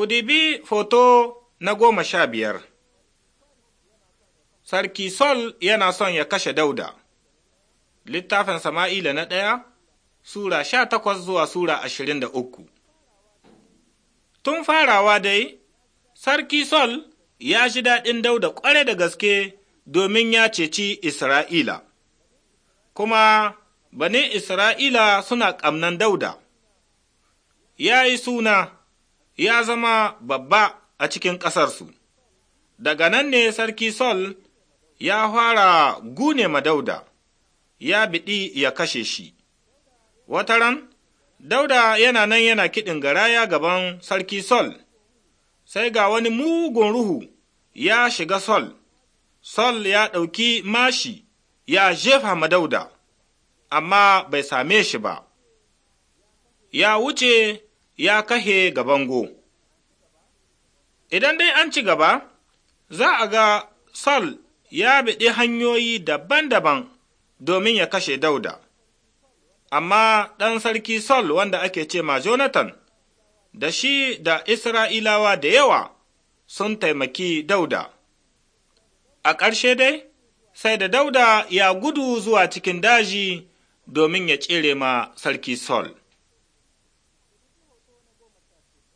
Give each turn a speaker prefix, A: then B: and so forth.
A: Ku dibi foto na goma sha biyar. Sarki Sol yana son ya kashe Dauda. Littafin Sama'ila na ɗaya, Sura sha takwas zuwa Sura ashirin da uku. Tun farawa dai, Sarki Sol ya ji daɗin Dauda ƙware da gaske domin ya ceci Isra'ila, kuma bane Isra'ila suna ƙamnan Dauda. Ya yi suna. ya zama babba a cikin ƙasarsu. Daga nan ne sarki Sol ya fara gune madauda, ya biɗi ya kashe shi. Wata ran, dauda yana nan yana kiɗin garaya gaban sarki Sol, sai ga wani mugun ruhu ya shiga Sol, Sol ya ɗauki mashi ya jefa madauda, amma bai same shi ba. Ya wuce ya kahe ga bango. Idan dai an ci gaba, za a ga Sal ya biɗi hanyoyi daban-daban domin ya kashe Dauda, amma ɗan sarki sol wanda ake ce ma Jonathan, da shi da Isra'ilawa da yawa sun taimaki Dauda. A ƙarshe dai, sai da Dauda ya gudu zuwa cikin daji domin ya tsere ma sarki sol.